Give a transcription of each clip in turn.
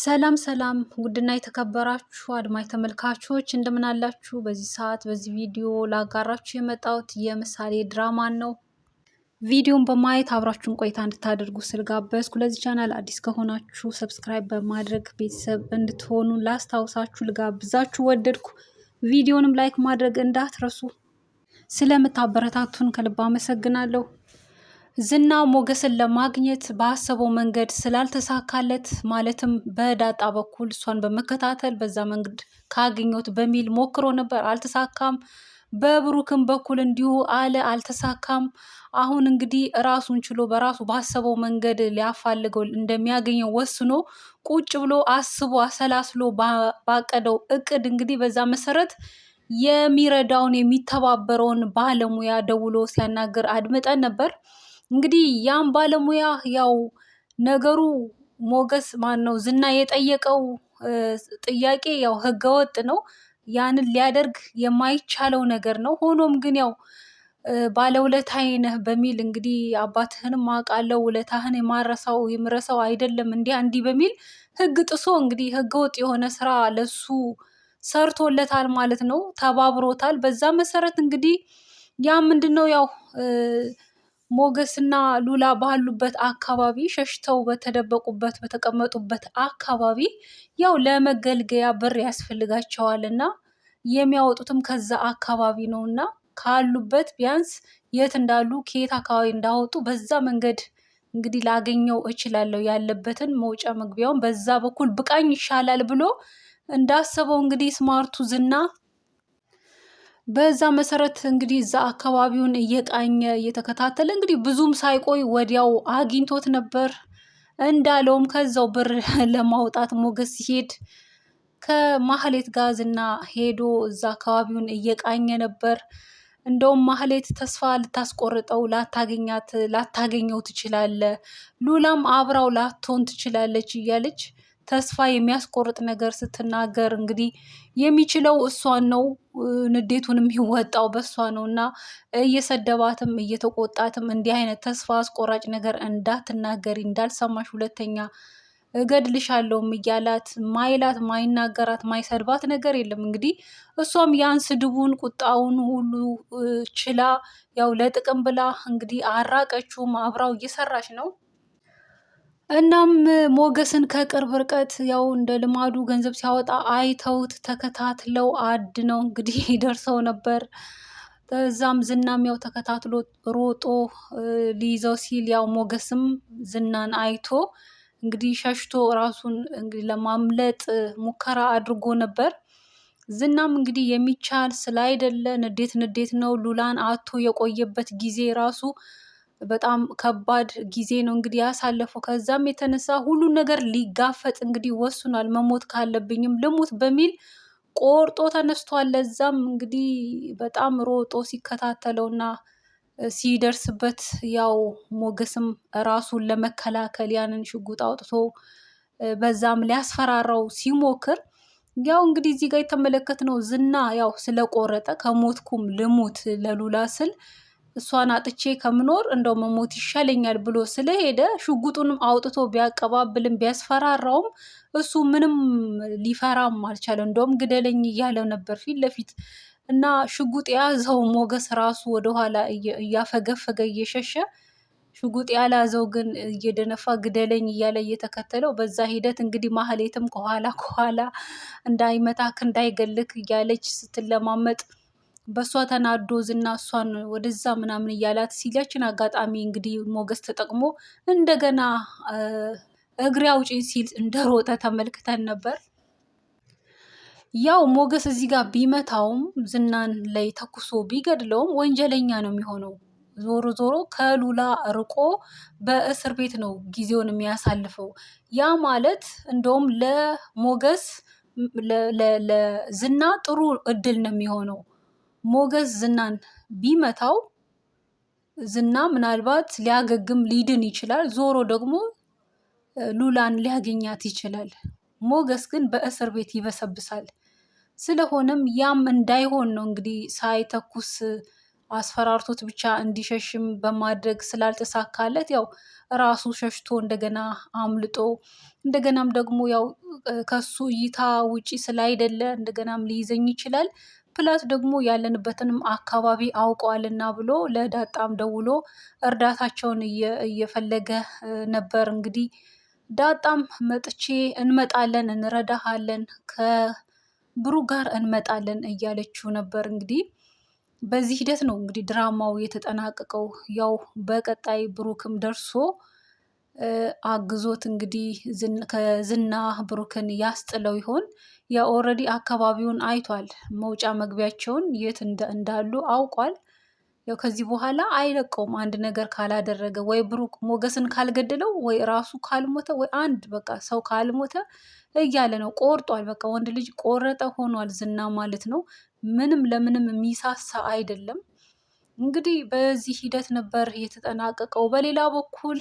ሰላም ሰላም ውድና የተከበራችሁ አድማጭ ተመልካቾች እንደምን አላችሁ? በዚህ ሰዓት በዚህ ቪዲዮ ላጋራችሁ የመጣሁት የምሳሌ ድራማን ነው። ቪዲዮን በማየት አብራችሁን ቆይታ እንድታደርጉ ስልጋበዝኩ፣ ለዚህ ቻናል አዲስ ከሆናችሁ ሰብስክራይብ በማድረግ ቤተሰብ እንድትሆኑ ላስታውሳችሁ ልጋብዛችሁ ወደድኩ። ቪዲዮንም ላይክ ማድረግ እንዳትረሱ። ስለምታበረታቱን ከልብ አመሰግናለሁ። ዝና ሞገስን ለማግኘት በአሰበው መንገድ ስላልተሳካለት ማለትም በዳጣ በኩል እሷን በመከታተል በዛ መንገድ ካገኘት በሚል ሞክሮ ነበር፣ አልተሳካም። በብሩክም በኩል እንዲሁ አለ፣ አልተሳካም። አሁን እንግዲህ ራሱን ችሎ በራሱ ባሰበው መንገድ ሊያፋልገው እንደሚያገኘው ወስኖ ቁጭ ብሎ አስቦ አሰላስሎ ባቀደው እቅድ እንግዲህ በዛ መሰረት የሚረዳውን የሚተባበረውን ባለሙያ ደውሎ ሲያናግር አድምጠን ነበር። እንግዲህ ያም ባለሙያ ያው ነገሩ ሞገስ ማን ነው ዝና የጠየቀው ጥያቄ ያው ህገወጥ ነው። ያንን ሊያደርግ የማይቻለው ነገር ነው። ሆኖም ግን ያው ባለውለታዬ ነህ በሚል እንግዲህ አባትህንም አውቃለሁ ውለታህን የማረሳው የምረሳው አይደለም እንዲህ እንዲህ በሚል ህግ ጥሶ እንግዲህ ህገወጥ የሆነ ስራ ለሱ ሰርቶለታል ማለት ነው። ተባብሮታል። በዛ መሰረት እንግዲህ ያ ምንድን ነው ያው ሞገስና ሉላ ባሉበት አካባቢ ሸሽተው በተደበቁበት በተቀመጡበት አካባቢ ያው ለመገልገያ ያስፈልጋቸዋል ያስፈልጋቸዋልና የሚያወጡትም ከዛ አካባቢ ነውና ካሉበት ቢያንስ የት እንዳሉ ከየት አካባቢ እንዳወጡ በዛ መንገድ እንግዲህ ላገኘው እችላለሁ ያለበትን መውጫ መግቢያውን በዛ በኩል ብቃኝ ይሻላል ብሎ እንዳሰበው እንግዲህ ስማርቱ ዝና በዛ መሰረት እንግዲህ እዛ አካባቢውን እየቃኘ እየተከታተለ እንግዲህ ብዙም ሳይቆይ ወዲያው አግኝቶት ነበር። እንዳለውም ከዛው ብር ለማውጣት ሞገስ ሲሄድ ከማህሌት ጋዝና ሄዶ እዛ አካባቢውን እየቃኘ ነበር። እንደውም ማህሌት ተስፋ ልታስቆርጠው ላታገኛት ላታገኘው ትችላለ፣ ሉላም አብራው ላትሆን ትችላለች እያለች ተስፋ የሚያስቆርጥ ነገር ስትናገር እንግዲህ የሚችለው እሷን ነው፣ ንዴቱን የሚወጣው በእሷ ነው እና እየሰደባትም እየተቆጣትም እንዲህ አይነት ተስፋ አስቆራጭ ነገር እንዳትናገሪ እንዳልሰማሽ ሁለተኛ እገድልሻለሁም እያላት ማይላት ማይናገራት ማይሰድባት ነገር የለም። እንግዲህ እሷም ያን ስድቡን ቁጣውን ሁሉ ችላ ያው ለጥቅም ብላ እንግዲህ አራቀችውም አብራው እየሰራች ነው። እናም ሞገስን ከቅርብ ርቀት ያው እንደ ልማዱ ገንዘብ ሲያወጣ አይተውት ተከታትለው አድ ነው እንግዲህ ደርሰው ነበር። እዛም ዝናም ያው ተከታትሎ ሮጦ ሊይዘው ሲል ያው ሞገስም ዝናን አይቶ እንግዲህ ሸሽቶ ራሱን እንግዲህ ለማምለጥ ሙከራ አድርጎ ነበር። ዝናም እንግዲህ የሚቻል ስላይደለ ንዴት ንዴት ነው ሉላን አቶ የቆየበት ጊዜ ራሱ በጣም ከባድ ጊዜ ነው እንግዲህ ያሳለፈው። ከዛም የተነሳ ሁሉን ነገር ሊጋፈጥ እንግዲህ ወስኗል። መሞት ካለብኝም ልሙት በሚል ቆርጦ ተነስቷል። ለዛም እንግዲህ በጣም ሮጦ ሲከታተለውና ሲደርስበት ያው ሞገስም ራሱን ለመከላከል ያንን ሽጉጥ አውጥቶ በዛም ሊያስፈራራው ሲሞክር ያው እንግዲህ እዚህ ጋር የተመለከትነው ዝና ያው ስለቆረጠ ከሞትኩም ልሙት ለሉላ ስል እሷን አጥቼ ከምኖር እንደው መሞት ይሻለኛል ብሎ ስለሄደ ሽጉጡንም አውጥቶ ቢያቀባብልም ቢያስፈራራውም እሱ ምንም ሊፈራም አልቻለ። እንደውም ግደለኝ እያለ ነበር ፊት ለፊት እና ሽጉጥ የያዘው ሞገስ ራሱ ወደኋላ እያፈገፈገ እየሸሸ ሽጉጥ ያላዘው ግን እየደነፋ ግደለኝ እያለ እየተከተለው በዛ ሂደት እንግዲህ ማህሌትም ከኋላ ከኋላ እንዳይመታክ እንዳይገልክ እያለች ስትለማመጥ በእሷ ተናዶ ዝና እሷን ወደዛ ምናምን እያላት ሲያችን አጋጣሚ እንግዲህ ሞገስ ተጠቅሞ እንደገና እግሬ አውጪኝ ሲል እንደሮጠ ተመልክተን ነበር። ያው ሞገስ እዚህ ጋር ቢመታውም ዝናን ላይ ተኩሶ ቢገድለውም ወንጀለኛ ነው የሚሆነው። ዞሮ ዞሮ ከሉላ ርቆ በእስር ቤት ነው ጊዜውን የሚያሳልፈው። ያ ማለት እንደውም ለሞገስ ለዝና ጥሩ እድል ነው የሚሆነው። ሞገስ ዝናን ቢመታው ዝና ምናልባት ሊያገግም ሊድን ይችላል። ዞሮ ደግሞ ሉላን ሊያገኛት ይችላል። ሞገስ ግን በእስር ቤት ይበሰብሳል። ስለሆነም ያም እንዳይሆን ነው እንግዲህ ሳይተኩስ አስፈራርቶት ብቻ እንዲሸሽም በማድረግ ስላልተሳካለት ያው ራሱ ሸሽቶ እንደገና አምልጦ እንደገናም ደግሞ ያው ከሱ እይታ ውጪ ስላይደለ እንደገናም ሊይዘኝ ይችላል። ፕላስ ደግሞ ያለንበትንም አካባቢ አውቀዋልና ብሎ ለዳጣም ደውሎ እርዳታቸውን እየፈለገ ነበር። እንግዲህ ዳጣም መጥቼ እንመጣለን፣ እንረዳሃለን፣ ከብሩ ጋር እንመጣለን እያለችው ነበር እንግዲህ በዚህ ሂደት ነው እንግዲህ ድራማው የተጠናቀቀው። ያው በቀጣይ ብሩክም ደርሶ አግዞት እንግዲህ ከዝና ብሩክን ያስጥለው ይሆን? ያ ኦልሬዲ አካባቢውን አይቷል። መውጫ መግቢያቸውን የት እንዳሉ አውቋል። ያው ከዚህ በኋላ አይለቀውም። አንድ ነገር ካላደረገ ወይ ብሩክ ሞገስን ካልገደለው ወይ ራሱ ካልሞተ ወይ አንድ በቃ ሰው ካልሞተ እያለ ነው። ቆርጧል። በቃ ወንድ ልጅ ቆረጠ ሆኗል ዝና ማለት ነው። ምንም ለምንም የሚሳሳ አይደለም። እንግዲህ በዚህ ሂደት ነበር የተጠናቀቀው። በሌላ በኩል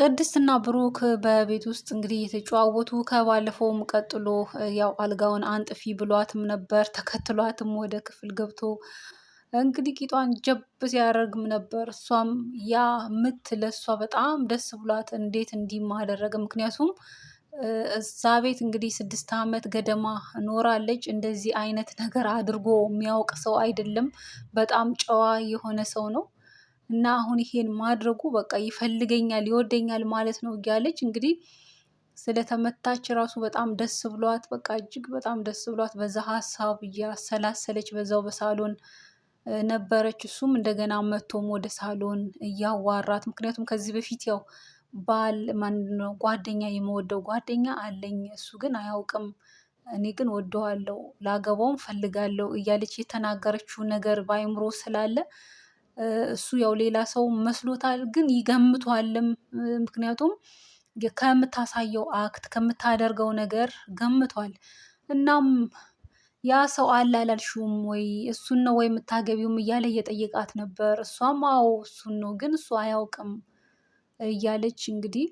ቅድስትና ብሩክ በቤት ውስጥ እንግዲህ እየተጨዋወቱ ከባለፈውም ቀጥሎ ያው አልጋውን አንጥፊ ብሏትም ነበር። ተከትሏትም ወደ ክፍል ገብቶ እንግዲህ ቂጧን ጀብ ሲያደርግም ነበር። እሷም ያ ምት ለእሷ በጣም ደስ ብሏት እንዴት እንዲህ ማደረገ። ምክንያቱም እዛ ቤት እንግዲህ ስድስት ዓመት ገደማ ኖራለች። እንደዚህ አይነት ነገር አድርጎ የሚያውቅ ሰው አይደለም። በጣም ጨዋ የሆነ ሰው ነው። እና አሁን ይሄን ማድረጉ በቃ ይፈልገኛል፣ ይወደኛል ማለት ነው እያለች እንግዲህ ስለተመታች ራሱ በጣም ደስ ብሏት፣ በቃ እጅግ በጣም ደስ ብሏት በዛ ሀሳብ እያሰላሰለች በዛው በሳሎን ነበረች። እሱም እንደገና መቶም ወደ ሳሎን እያዋራት፣ ምክንያቱም ከዚህ በፊት ያው ባል ማነው ጓደኛ የመወደው ጓደኛ አለኝ፣ እሱ ግን አያውቅም እኔ ግን ወደዋለው ላገባውም ፈልጋለው እያለች የተናገረችው ነገር በአይምሮ ስላለ እሱ ያው ሌላ ሰው መስሎታል፣ ግን ይገምቷልም። ምክንያቱም ከምታሳየው አክት ከምታደርገው ነገር ገምቷል። እናም ያ ሰው አለ ወይ እሱን ነው ወይ የምታገቢውም እያለ እየጠየቃት ነበር። እሷም አዎ እሱን ነው ግን እሱ አያውቅም እያለች እንግዲህ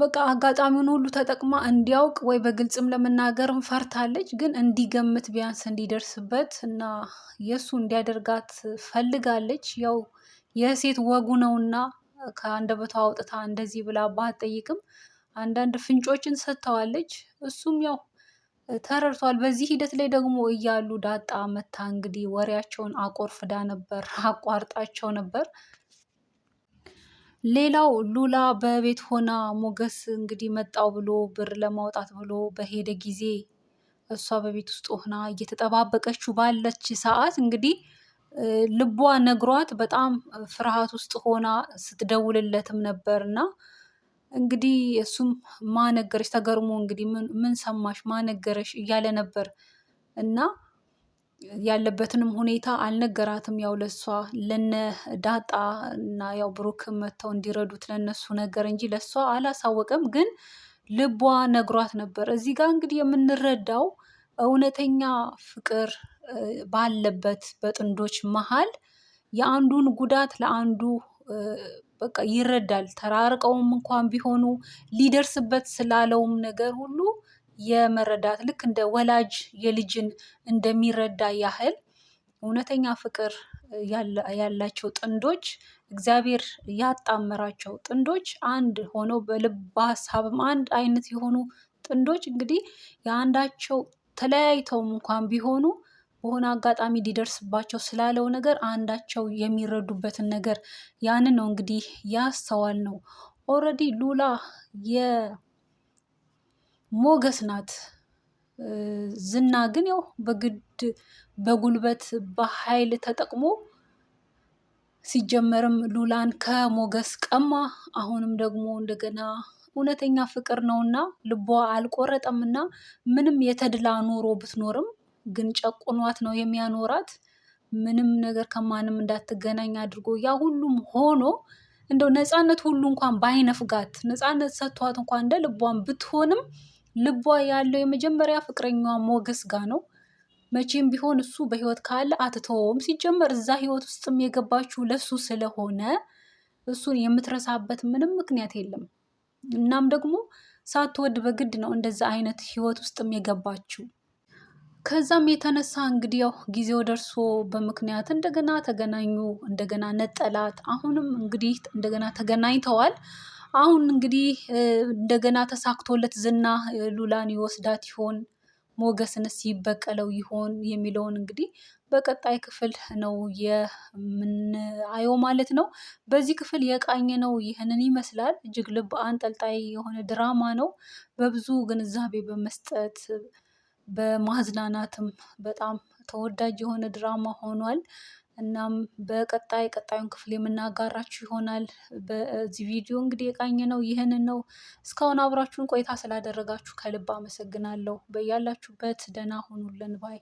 በቃ አጋጣሚውን ሁሉ ተጠቅማ እንዲያውቅ ወይ በግልጽም ለመናገር ፈርታለች። ግን እንዲገምት ቢያንስ እንዲደርስበት እና የእሱ እንዲያደርጋት ፈልጋለች። ያው የሴት ወጉ ነውና ከአንደበቷ አውጥታ እንደዚህ ብላ ባትጠይቅም አንዳንድ ፍንጮችን ሰጥተዋለች። እሱም ያው ተረድቷል። በዚህ ሂደት ላይ ደግሞ እያሉ ዳጣ መታ እንግዲህ ወሬያቸውን አቆርፍዳ ነበር፣ አቋርጣቸው ነበር። ሌላው ሉላ በቤት ሆና ሞገስ እንግዲህ መጣው ብሎ ብር ለማውጣት ብሎ በሄደ ጊዜ እሷ በቤት ውስጥ ሆና እየተጠባበቀችው ባለች ሰዓት እንግዲህ ልቧ ነግሯት በጣም ፍርሃት ውስጥ ሆና ስትደውልለትም ነበር እና እንግዲህ እሱም ማነገረች ተገርሞ እንግዲህ ምን ሰማሽ ማነገረሽ እያለ ነበር እና ያለበትንም ሁኔታ አልነገራትም። ያው ለሷ ለነ ዳጣ እና ያው ብሩክ መጥተው እንዲረዱት ለነሱ ነገር እንጂ ለሷ አላሳወቀም። ግን ልቧ ነግሯት ነበር። እዚህ ጋር እንግዲህ የምንረዳው እውነተኛ ፍቅር ባለበት በጥንዶች መሀል የአንዱን ጉዳት ለአንዱ በቃ ይረዳል። ተራርቀውም እንኳን ቢሆኑ ሊደርስበት ስላለውም ነገር ሁሉ የመረዳት ልክ እንደ ወላጅ የልጅን እንደሚረዳ ያህል እውነተኛ ፍቅር ያላቸው ጥንዶች እግዚአብሔር ያጣመራቸው ጥንዶች አንድ ሆነው በልብ ሀሳብም አንድ አይነት የሆኑ ጥንዶች እንግዲህ የአንዳቸው ተለያይተውም እንኳን ቢሆኑ በሆነ አጋጣሚ ሊደርስባቸው ስላለው ነገር አንዳቸው የሚረዱበትን ነገር ያንን ነው እንግዲህ ያስተዋል ነው። ኦልሬዲ ሉላ ሞገስ ናት። ዝና ግን ያው በግድ በጉልበት በኃይል ተጠቅሞ ሲጀመርም ሉላን ከሞገስ ቀማ። አሁንም ደግሞ እንደገና እውነተኛ ፍቅር ነውና ልቧ እና ምንም የተድላ ኑሮ ብትኖርም ግን ጨቁኗት ነው የሚያኖራት። ምንም ነገር ከማንም እንዳትገናኝ አድርጎ ያ ሁሉም ሆኖ እንደው ነፃነት ሁሉ እንኳን ባይነፍጋት ነፃነት ሰጥቷት እንኳን እንደ ልቧን ብትሆንም ልቧ ያለው የመጀመሪያ ፍቅረኛዋ ሞገስ ጋ ነው። መቼም ቢሆን እሱ በህይወት ካለ አትተወውም። ሲጀመር እዛ ህይወት ውስጥም የገባችው ለሱ ስለሆነ እሱን የምትረሳበት ምንም ምክንያት የለም። እናም ደግሞ ሳትወድ በግድ ነው እንደዛ አይነት ህይወት ውስጥም የገባችው። ከዛም የተነሳ እንግዲህ ያው ጊዜው ደርሶ በምክንያት እንደገና ተገናኙ። እንደገና ነጠላት። አሁንም እንግዲህ እንደገና ተገናኝተዋል። አሁን እንግዲህ እንደገና ተሳክቶለት ዝና ሉላን ይወስዳት ይሆን? ሞገስንስ ይበቀለው ይሆን የሚለውን እንግዲህ በቀጣይ ክፍል ነው የምናየው ማለት ነው። በዚህ ክፍል የቃኘ ነው ይህንን ይመስላል። እጅግ ልብ አንጠልጣይ የሆነ ድራማ ነው። በብዙ ግንዛቤ በመስጠት በማዝናናትም በጣም ተወዳጅ የሆነ ድራማ ሆኗል። እናም በቀጣይ ቀጣዩን ክፍል የምናጋራችሁ ይሆናል። በዚህ ቪዲዮ እንግዲህ የቃኝ ነው ይህንን ነው። እስካሁን አብራችሁን ቆይታ ስላደረጋችሁ ከልብ አመሰግናለሁ። በያላችሁበት ደህና ሁኑልን ባይ